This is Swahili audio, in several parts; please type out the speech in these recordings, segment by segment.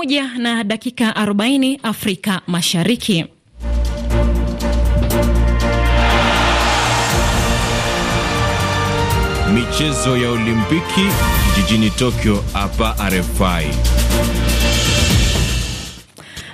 moja na dakika 40 Afrika Mashariki. Michezo ya Olimpiki jijini Tokyo hapa RFI.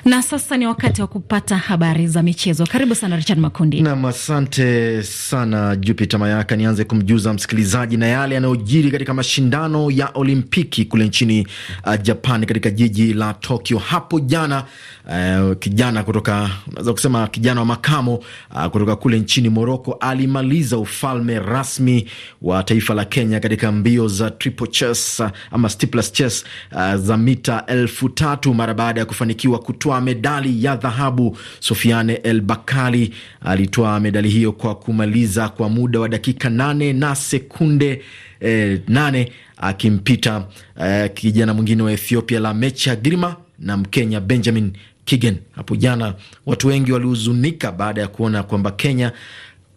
Na sasa ni wakati wa kupata habari za michezo. Karibu sana Richard Makundi. Nam, asante sana Jupiter Mayaka. Nianze kumjuza msikilizaji na yale yanayojiri katika mashindano ya Olimpiki kule nchini uh, Japan, katika jiji la Tokyo hapo jana. Uh, kijana kutoka unaweza kusema kijana wa makamo uh, kutoka kule nchini Moroko alimaliza ufalme rasmi wa taifa la Kenya katika mbio za triple chess, uh, ama steeplechase uh, za mita elfu tatu mara baada ya kufanikiwa kutoa aliyetwaa medali ya dhahabu Sofiane El Bakali alitoa medali hiyo kwa kumaliza kwa muda wa dakika nane na sekunde eh, nane akimpita eh, kijana mwingine wa Ethiopia Mecha Girma na Mkenya Benjamin Kigen. Hapo jana watu wengi walihuzunika baada ya kuona kwamba Kenya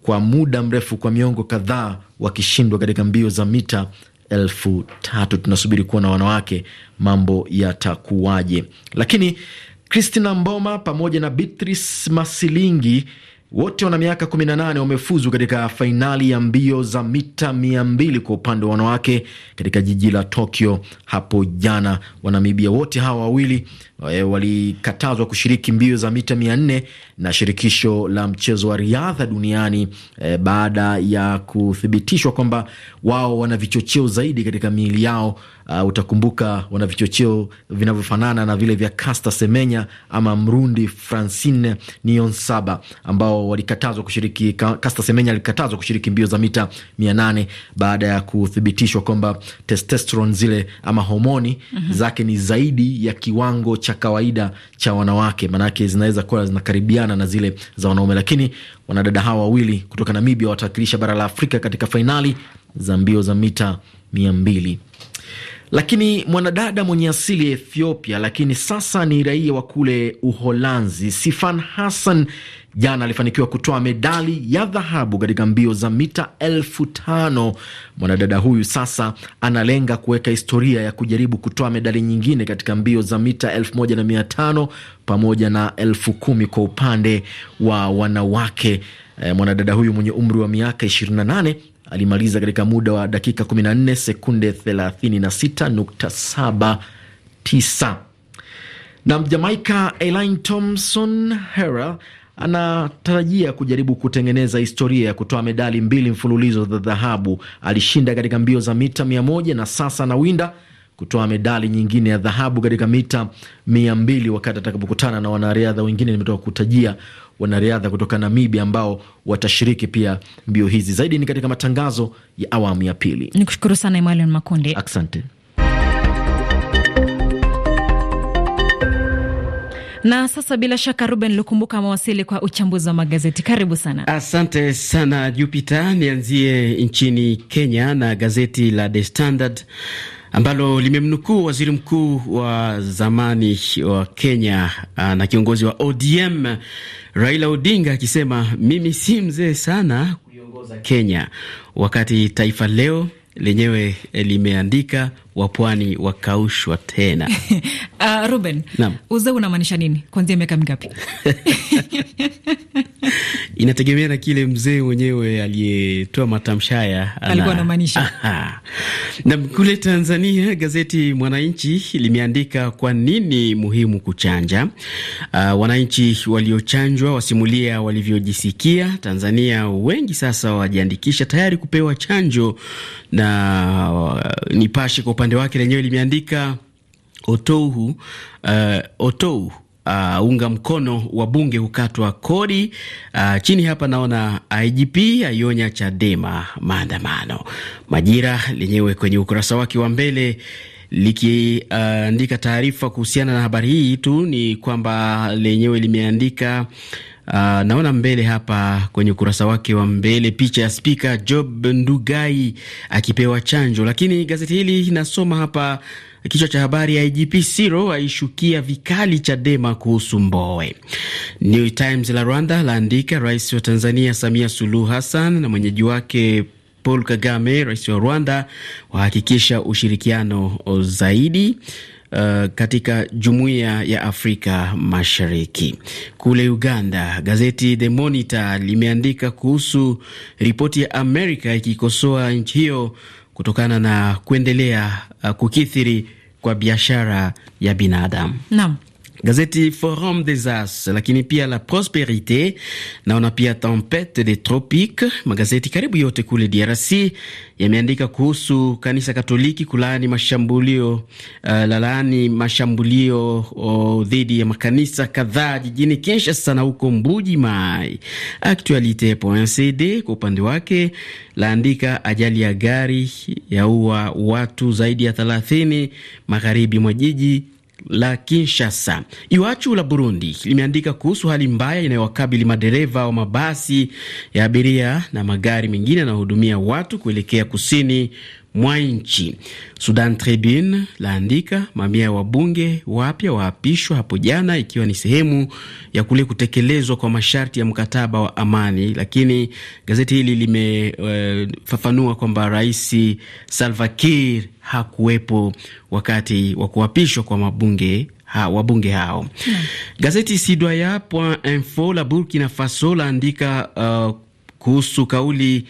kwa muda mrefu, kwa miongo kadhaa, wakishindwa katika mbio za mita elfu tatu. Tunasubiri kuona wanawake mambo yatakuwaje, lakini Christina Mboma pamoja na Beatrice Masilingi wote wana miaka 18 wamefuzu katika fainali ya mbio za mita 200 kwa upande wa wanawake katika jiji la Tokyo hapo jana. Wanamibia wote hawa wawili Eh, walikatazwa kushiriki mbio za mita mia nne na shirikisho la mchezo wa riadha duniani e, baada ya kuthibitishwa kwamba wao wana vichocheo zaidi katika miili yao. Uh, utakumbuka wana vichocheo vinavyofanana na vile vya Caster Semenya ama Mrundi Francine Niyonsaba ambao walikatazwa kushiriki. Caster Semenya alikatazwa kushiriki mbio za mita mia nane baada ya kuthibitishwa kwamba testosterone zile ama homoni mm -hmm. zake ni zaidi ya kiwango cha cha kawaida cha wanawake, maanake zinaweza kuwa zinakaribiana na zile za wanaume. Lakini wanadada hawa wawili kutoka Namibia watawakilisha bara la Afrika katika fainali za mbio za mita mia mbili. Lakini mwanadada mwenye asili ya Ethiopia lakini sasa ni raia wa kule Uholanzi, Sifan Hassan Jana alifanikiwa kutoa medali ya dhahabu katika mbio za mita elfu tano. Mwanadada huyu sasa analenga kuweka historia ya kujaribu kutoa medali nyingine katika mbio za mita elfu moja na mia tano pamoja na elfu kumi kwa upande wa wanawake. E, mwanadada huyu mwenye umri wa miaka 28 alimaliza katika muda wa dakika 14 sekunde 36.79. Na Mjamaika Elaine Thompson Hera anatarajia kujaribu kutengeneza historia ya kutoa medali mbili mfululizo za dhahabu. Alishinda katika mbio za mita mia moja na sasa anawinda kutoa medali nyingine ya dhahabu katika mita mia mbili wakati atakapokutana na wanariadha wengine. Nimetoka kutajia wanariadha kutoka Namibia ambao watashiriki pia mbio hizi. Zaidi ni katika matangazo ya awamu ya pili. Nikushukuru sana Emmanuel asante. Na sasa bila shaka, Ruben Lukumbuka mawasili kwa uchambuzi wa magazeti. Karibu sana. Asante sana Jupiter. Nianzie nchini Kenya na gazeti la The Standard ambalo limemnukuu waziri mkuu wa zamani wa Kenya ah, na kiongozi wa ODM Raila Odinga akisema mimi si mzee sana kuiongoza Kenya, wakati Taifa Leo lenyewe eh, limeandika wapwani wakaushwa tena. Uh, Ruben, uzee unamaanisha nini? Kuanzia miaka mingapi? inategemea na kile mzee mwenyewe aliyetoa matamshi haya alikuwa anamaanisha. Na kule Tanzania, gazeti Mwananchi limeandika kwa nini muhimu kuchanja. Uh, wananchi waliochanjwa wasimulia walivyojisikia. Tanzania wengi sasa wajiandikisha tayari kupewa chanjo, na uh, Nipashe kwa upande wake lenyewe limeandika otohu uh, otohu uh, unga mkono wa bunge hukatwa kodi. Uh, chini hapa naona IGP aionya Chadema maandamano. Majira lenyewe kwenye ukurasa wake wa mbele likiandika uh, taarifa kuhusiana na habari hii tu ni kwamba lenyewe limeandika uh, naona mbele hapa kwenye ukurasa wake wa mbele picha ya spika Job Ndugai akipewa chanjo, lakini gazeti hili inasoma hapa Kichwa cha habari ya IGP Siro aishukia vikali Chadema kuhusu Mbowe. New Times la Rwanda laandika rais wa Tanzania Samia Suluhu Hassan na mwenyeji wake Paul Kagame, rais wa Rwanda, wahakikisha ushirikiano zaidi Uh, katika jumuiya ya Afrika Mashariki. Kule Uganda, gazeti The Monitor limeandika kuhusu ripoti ya Amerika ikikosoa nchi hiyo kutokana na kuendelea uh, kukithiri kwa biashara ya binadamu. Naam. Gazeti Forum des As lakini pia la Prosperite, naona pia Tempete des Tropiques. Magazeti karibu yote kule DRC yameandika kuhusu kanisa Katoliki kulaani mashambulio uh, eh, lalaani mashambulio oh, dhidi ya makanisa kadhaa jijini Kinshasa na huko Mbuji Mai. Actualite.cd kwa upande wake laandika ajali ya gari yaua watu zaidi ya thelathini magharibi mwa jiji la Kinshasa. Iwachu la Burundi limeandika kuhusu hali mbaya inayowakabili madereva wa mabasi ya abiria na magari mengine yanayohudumia watu kuelekea kusini mwa nchi. Sudan Tribune laandika mamia ya wabunge wapya waapishwa hapo jana, ikiwa ni sehemu ya kule kutekelezwa kwa masharti ya mkataba wa amani, lakini gazeti hili limefafanua eh, uh, kwamba Rais Salva Kiir hakuwepo wakati wa kuapishwa kwa mabunge Ha, wabunge hao mm. Gazeti Info la Burkina Faso laandika uh, kuhusu kauli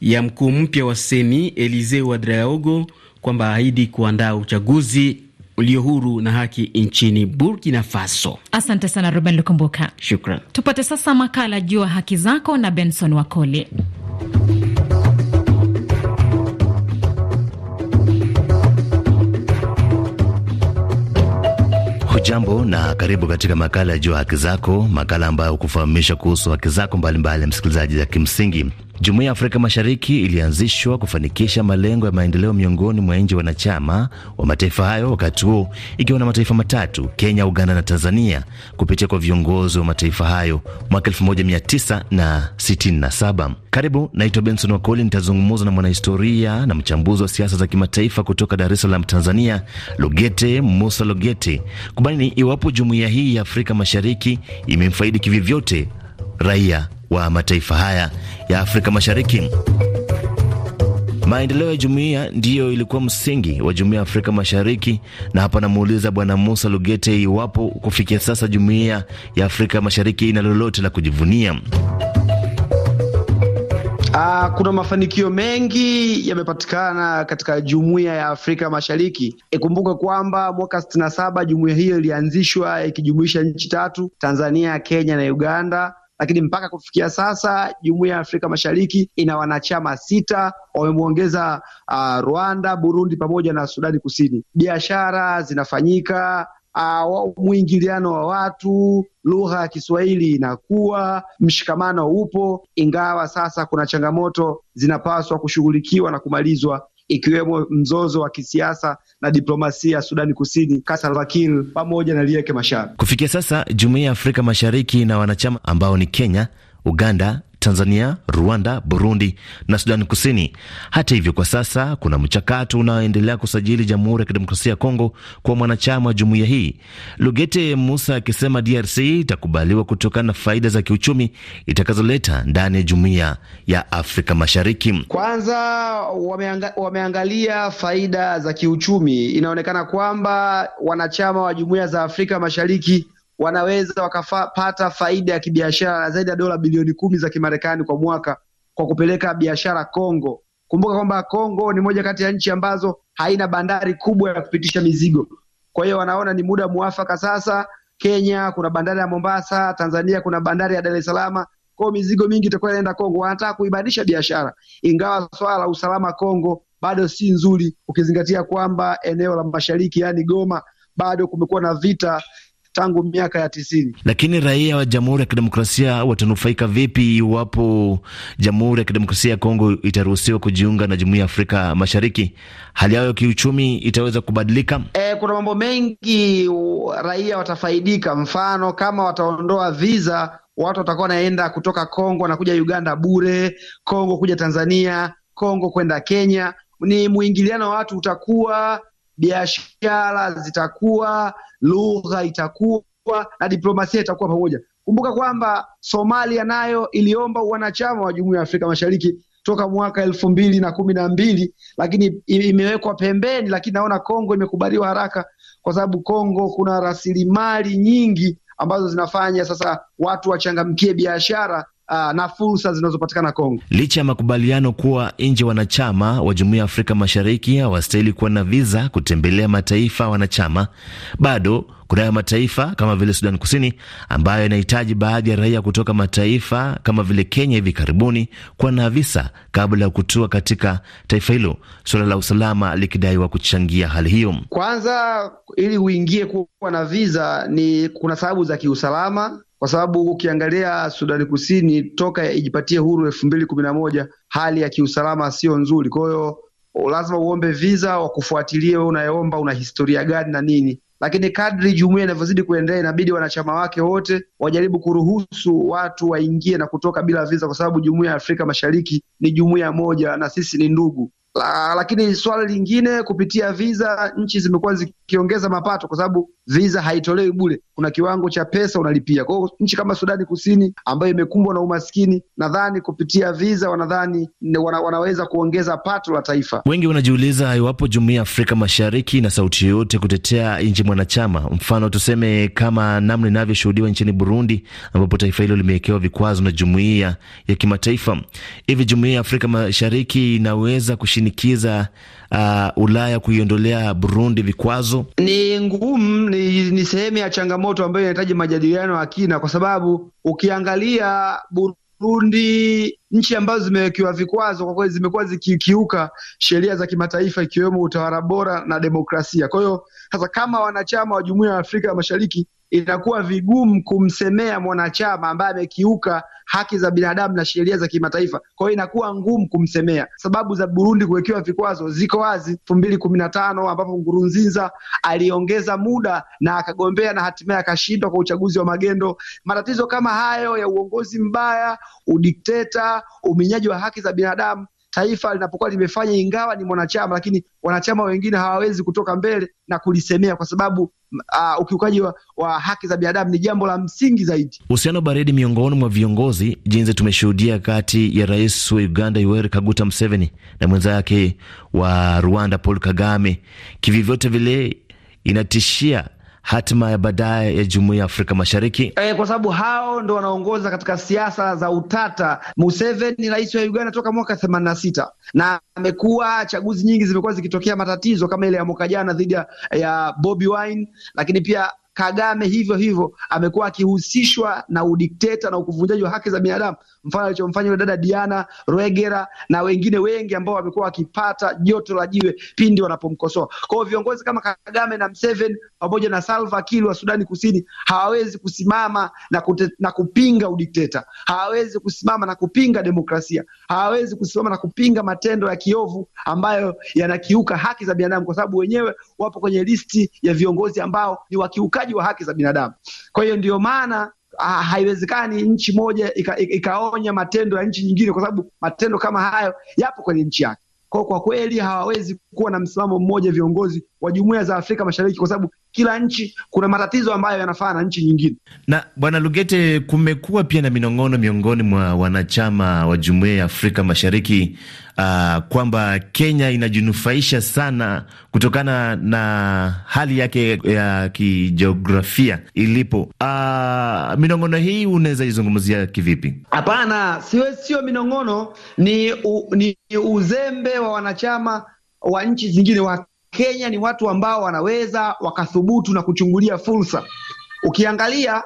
ya mkuu mpya wa Seni Elisee wadraogo kwamba ahidi kuandaa uchaguzi ulio huru na haki nchini Burkina Faso. Asante sana Ruben Lukumbuka, shukran. Tupate sasa makala juu ya haki zako na Benson Wakoli. Hujambo na karibu katika makala ya Jua Haki Zako, makala ambayo hukufahamisha kuhusu haki zako mbalimbali, msikilizaji, za kimsingi Jumuiya ya Afrika Mashariki ilianzishwa kufanikisha malengo ya maendeleo miongoni mwa nchi wanachama wa mataifa hayo, wakati huo ikiwa na mataifa matatu, Kenya, Uganda na Tanzania, kupitia kwa viongozi wa mataifa hayo mwaka 1967. Karibu, naitwa Benson Wakoli. Nitazungumza na mwanahistoria na mchambuzi wa siasa za kimataifa kutoka Dar es Salaam, Tanzania, Lugete Musa Lugete, kubaini iwapo jumuiya hii ya Afrika Mashariki imemfaidi kivyovyote raia wa mataifa haya ya Afrika Mashariki. Maendeleo ya jumuiya ndiyo ilikuwa msingi wa jumuiya ya Afrika Mashariki, na hapa namuuliza Bwana Musa Lugete iwapo kufikia sasa jumuiya ya Afrika Mashariki ina lolote la kujivunia. Uh, kuna mafanikio mengi yamepatikana katika jumuiya ya Afrika Mashariki. ikumbuke kwamba mwaka sitini na saba jumuiya hiyo ilianzishwa ikijumuisha nchi tatu, Tanzania, Kenya na Uganda lakini mpaka kufikia sasa jumuiya ya Afrika Mashariki ina wanachama sita, wamemwongeza uh, Rwanda, Burundi pamoja na Sudani Kusini. Biashara zinafanyika Uh, mwingiliano wa watu, lugha ya Kiswahili inakuwa, mshikamano upo, ingawa sasa kuna changamoto zinapaswa kushughulikiwa na kumalizwa ikiwemo mzozo wa kisiasa na diplomasia ya Sudani Kusini, Kasal Vakil pamoja na Riek Machar. Kufikia sasa Jumuiya ya Afrika Mashariki na wanachama ambao ni Kenya, Uganda, Tanzania, Rwanda, Burundi na Sudani Kusini. Hata hivyo, kwa sasa kuna mchakato unaoendelea kusajili Jamhuri ya Kidemokrasia ya Kongo kwa mwanachama wa jumuiya hii, Lugete Musa akisema DRC itakubaliwa kutokana na faida za kiuchumi itakazoleta ndani ya jumuiya ya Afrika Mashariki. Kwanza wameanga, wameangalia faida za kiuchumi. Inaonekana kwamba wanachama wa jumuiya za Afrika Mashariki wanaweza wakapata faida ya kibiashara zaidi ya dola bilioni kumi za Kimarekani kwa mwaka kwa kupeleka biashara Kongo. Kumbuka kwamba Kongo ni moja kati ya nchi ambazo haina bandari kubwa ya kupitisha mizigo, kwa hiyo wanaona ni muda mwafaka sasa. Kenya kuna bandari ya Mombasa, Tanzania kuna bandari ya Dar es Salaam. Kwao mizigo mingi itakuwa inaenda Kongo, wanataka kuibadilisha biashara, ingawa swala la usalama Kongo bado si nzuri, ukizingatia kwamba eneo la mashariki, yaani Goma, bado kumekuwa na vita tangu miaka ya tisini. Lakini raia wa Jamhuri ya Kidemokrasia watanufaika vipi iwapo Jamhuri ya Kidemokrasia ya Kongo itaruhusiwa kujiunga na Jumuiya ya Afrika Mashariki? Hali yao ya kiuchumi itaweza kubadilika? E, kuna mambo mengi raia watafaidika. Mfano, kama wataondoa viza, watu watakuwa wanaenda kutoka Kongo wanakuja Uganda bure, Kongo kuja Tanzania, Kongo kwenda Kenya. Ni mwingiliano wa watu utakuwa biashara zitakuwa, lugha itakuwa na diplomasia itakuwa pamoja. Kumbuka kwamba Somalia nayo iliomba wanachama wa Jumuiya ya Afrika Mashariki toka mwaka elfu mbili na kumi na mbili lakini imewekwa pembeni, lakini naona Kongo imekubaliwa haraka, kwa sababu Kongo kuna rasilimali nyingi ambazo zinafanya sasa watu wachangamkie biashara uh, na fursa zinazopatikana Kongo. Licha ya makubaliano kuwa nje wanachama wa Jumuiya ya Afrika Mashariki hawastahili kuwa na viza kutembelea mataifa wanachama, bado kunayo mataifa kama vile Sudan Kusini ambayo inahitaji baadhi ya raia kutoka mataifa kama vile Kenya hivi karibuni kuwa na visa kabla ya kutua katika taifa hilo, suala la usalama likidaiwa kuchangia hali hiyo. Kwanza, ili uingie kuwa na visa ni kuna sababu za kiusalama kwa sababu ukiangalia Sudani Kusini toka ijipatie huru elfu mbili kumi na moja hali ya kiusalama sio nzuri. Kwa hiyo lazima uombe visa, wakufuatilie wewe unayeomba una historia gani na nini, lakini kadri jumuiya inavyozidi kuendelea, inabidi wanachama wake wote wajaribu kuruhusu watu waingie na kutoka bila visa, kwa sababu jumuiya ya Afrika Mashariki ni jumuiya moja na sisi ni ndugu. La, lakini swala lingine kupitia visa nchi zimekuwa zikiongeza mapato kwa sababu visa haitolewi bure, kuna kiwango cha pesa unalipia. Kwa hiyo nchi kama Sudani Kusini ambayo imekumbwa na umaskini, nadhani kupitia visa wanadhani wana, wanaweza kuongeza pato la taifa. Wengi wanajiuliza iwapo jumuiya ya Afrika Mashariki na sauti yoyote kutetea nchi mwanachama, mfano tuseme kama namna inavyoshuhudiwa nchini Burundi ambapo taifa hilo limewekewa vikwazo na jumuiya ya kimataifa. Hivi jumuiya ya Afrika Mashariki inaweza kushi kuishinikiza uh, Ulaya kuiondolea Burundi vikwazo? Ni ngumu, ni, ni sehemu ya changamoto ambayo inahitaji majadiliano ya kina, kwa sababu ukiangalia Burundi nchi ambazo zimewekiwa vikwazo kwa kweli zimekuwa zikikiuka sheria za kimataifa ikiwemo utawala bora na demokrasia. Kwa hiyo sasa, kama wanachama wa Jumuiya ya Afrika ya Mashariki inakuwa vigumu kumsemea mwanachama ambaye amekiuka haki za binadamu na sheria za kimataifa. Kwa hiyo inakuwa ngumu kumsemea. Sababu za Burundi kuwekewa vikwazo ziko wazi. elfu mbili kumi na tano ambapo Ngurunzinza aliongeza muda na akagombea na hatimaye akashindwa kwa uchaguzi wa magendo. Matatizo kama hayo ya uongozi mbaya, udikteta, uminyaji wa haki za binadamu taifa linapokuwa limefanya, ingawa ni mwanachama, lakini wanachama wengine hawawezi kutoka mbele na kulisemea kwa sababu uh, ukiukaji wa, wa haki za binadamu ni jambo la msingi zaidi. Uhusiano baridi miongoni mwa viongozi jinsi tumeshuhudia kati ya rais wa Uganda Yoweri Kaguta Museveni na mwenzake wa Rwanda Paul Kagame, kivivyote vile inatishia hatima ya baadaye ya jumuiya ya Afrika Mashariki? E, kwa sababu hao ndo wanaongoza katika siasa za utata. Museveni ni rais wa Uganda toka mwaka themanini na sita na amekuwa chaguzi nyingi zimekuwa zikitokea matatizo kama ile ya mwaka jana dhidi ya Bobi Wine, lakini pia Kagame hivyo hivyo amekuwa akihusishwa na udikteta na ukuvunjaji wa haki za binadamu mfano alichomfanya dada Diana Rwegera na wengine wengi ambao wamekuwa wakipata joto la jiwe pindi wanapomkosoa. Kwa hiyo viongozi kama Kagame na Mseven pamoja na Salva Kiir wa Sudani Kusini hawawezi kusimama na, kute, na kupinga udikteta, hawawezi kusimama na kupinga demokrasia, hawawezi kusimama na kupinga matendo ya kiovu ambayo yanakiuka haki za binadamu, kwa sababu wenyewe wapo kwenye listi ya viongozi ambao ni wakiukaji wa haki za binadamu. Kwa hiyo ndio maana Ah, haiwezekani nchi moja ika, ikaonya matendo ya nchi nyingine, kwa sababu matendo kama hayo yapo kwenye nchi yake. Kwa kwa kweli hawawezi kuwa na msimamo mmoja viongozi wa jumuiya za Afrika Mashariki, kwa sababu kila nchi kuna matatizo ambayo yanafaa na nchi nyingine. Na Bwana Lugete, kumekuwa pia na minong'ono miongoni mwa wanachama wa Jumuiya ya Afrika Mashariki uh, kwamba Kenya inajinufaisha sana kutokana na hali yake ya kijiografia ilipo. Uh, minong'ono hii unaweza izungumzia kivipi? Hapana, siwe sio minong'ono, ni, u, ni uzembe wa wanachama wa nchi zingine wa Wakenya ni watu ambao wanaweza wakathubutu na kuchungulia fursa. Ukiangalia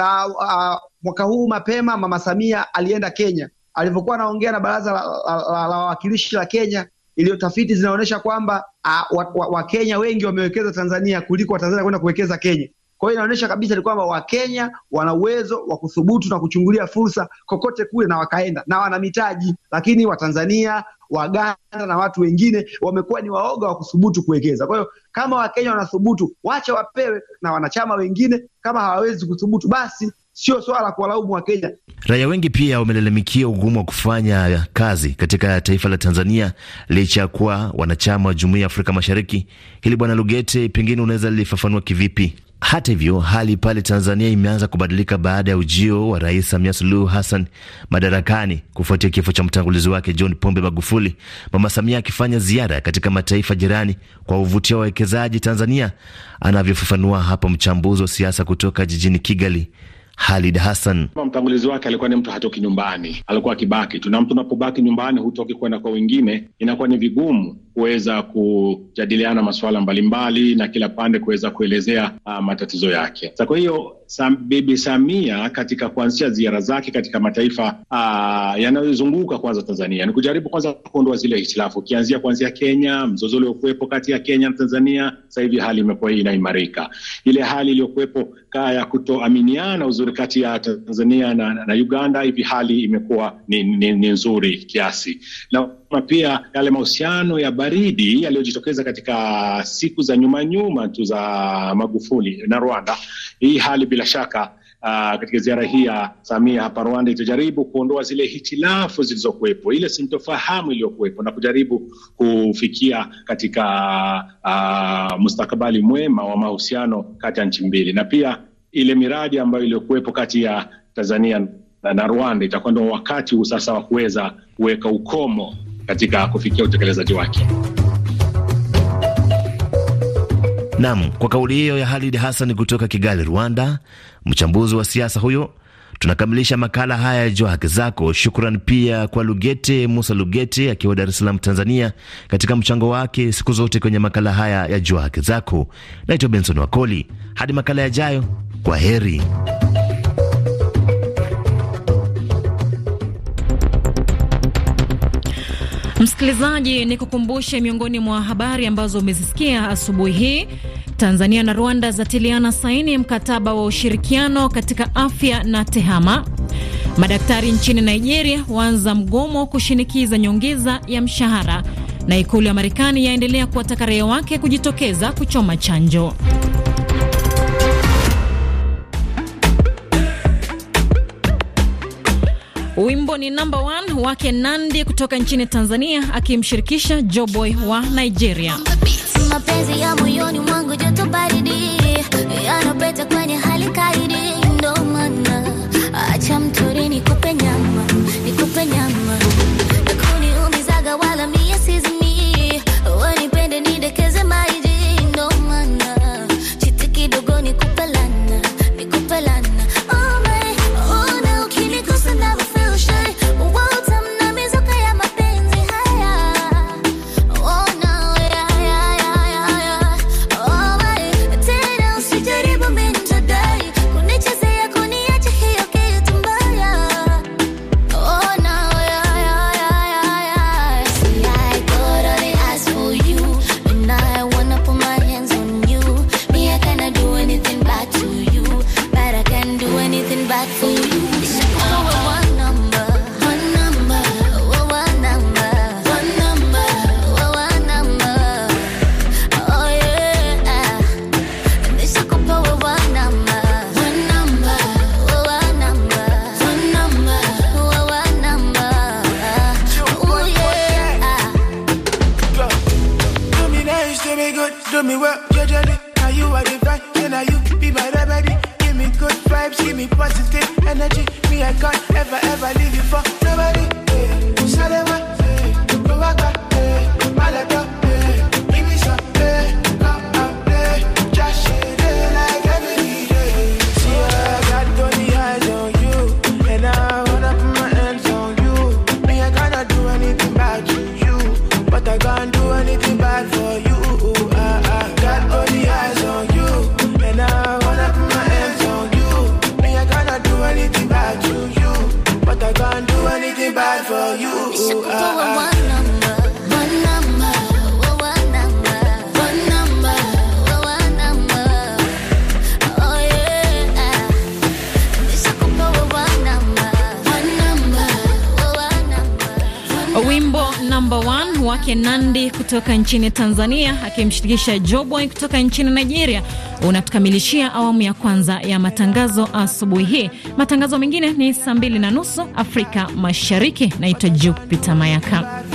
uh, uh, mwaka huu mapema Mama Samia alienda Kenya, alivyokuwa anaongea na baraza la wawakilishi la, la, la Kenya, iliyo tafiti zinaonyesha kwamba uh, Wakenya wa, wa wengi wamewekeza Tanzania kuliko Watanzania kwenda kuwekeza Kenya. Kwa hiyo inaonyesha kabisa ni kwamba Wakenya wana uwezo wa kuthubutu na kuchungulia fursa kokote kule na wakaenda na wana mitaji, lakini Watanzania, Waganda na watu wengine wamekuwa ni waoga wa kuthubutu kuwekeza. Kwa hiyo kama Wakenya wanathubutu, wacha wapewe na wanachama wengine. Kama hawawezi kuthubutu, basi sio swala la kuwalaumu Wakenya. Raia wengi pia wamelalamikia ugumu wa kufanya kazi katika taifa la Tanzania licha ya kuwa wanachama wa Jumuiya ya Afrika Mashariki. Hili Bwana Lugete, pengine unaweza lilifafanua kivipi? Hata hivyo, hali pale Tanzania imeanza kubadilika baada ya ujio wa Rais Samia Suluhu Hassan madarakani kufuatia kifo cha mtangulizi wake John Pombe Magufuli, Mama Samia akifanya ziara katika mataifa jirani kwa uvutia wawekezaji Tanzania, anavyofafanua hapa mchambuzi wa siasa kutoka jijini Kigali Halid Hassan. Mtangulizi wake alikuwa ni mtu hatoki nyumbani, alikuwa akibaki tu, na mtu unapobaki nyumbani hutoki kwenda kwa wengine, inakuwa ni vigumu kuweza kujadiliana masuala mbalimbali na kila pande kuweza kuelezea uh, matatizo yake. Sa kwa hiyo Sam, Bibi Samia katika kuanzisha ziara zake katika mataifa uh, yanayozunguka kwanza Tanzania ni kujaribu kwanza kuondoa zile hitilafu, ukianzia kuanzia Kenya, mzozo uliokuwepo kati ya Kenya na Tanzania. Sasa hivi hali imekuwa inaimarika, ile hali iliyokuwepo kaa ya kutoaminiana mazuri kati ya Tanzania na, na Uganda, hivi hali imekuwa ni, ni, ni nzuri kiasi na pia yale mahusiano ya baridi yaliyojitokeza katika siku za nyuma nyuma tu za Magufuli na Rwanda. Hii hali bila shaka Uh, katika ziara hii ya Samia hapa Rwanda itajaribu kuondoa zile hitilafu zilizokuwepo, ile sintofahamu iliyokuwepo na kujaribu kufikia katika uh, mustakabali mwema wa mahusiano kati ya nchi mbili, na pia ile miradi ambayo iliyokuwepo kati ya Tanzania na Rwanda itakuwa ndio wakati sasa wa kuweza kuweka ukomo katika kufikia utekelezaji wake. Naam, kwa kauli hiyo ya Halid Hassan kutoka Kigali, Rwanda, mchambuzi wa siasa huyo, tunakamilisha makala haya ya Jua Haki Zako. Shukran pia kwa Lugete Musa Lugete akiwa Dar es Salaam, Tanzania, katika mchango wake siku zote kwenye makala haya ya Jua Haki Zako. Naitwa Benson Wakoli, hadi makala yajayo. Kwa heri. Msikilizaji, ni kukumbushe miongoni mwa habari ambazo umezisikia asubuhi hii. Tanzania na Rwanda zatiliana saini mkataba wa ushirikiano katika afya na tehama. Madaktari nchini Nigeria waanza mgomo kushinikiza nyongeza ya mshahara, na ikulu ya Marekani yaendelea kuwataka raia wake kujitokeza kuchoma chanjo. Wimbo ni namba one wake Nandi kutoka nchini Tanzania akimshirikisha Joboy wa Nigeria. Mapenzi ya moyoni mwangu joto baridi number one wake Nandi kutoka nchini Tanzania akimshirikisha Joboy kutoka nchini Nigeria unatukamilishia awamu ya kwanza ya matangazo asubuhi hii. Matangazo mengine ni saa mbili na nusu Afrika Mashariki. Naitwa Jupita Mayaka.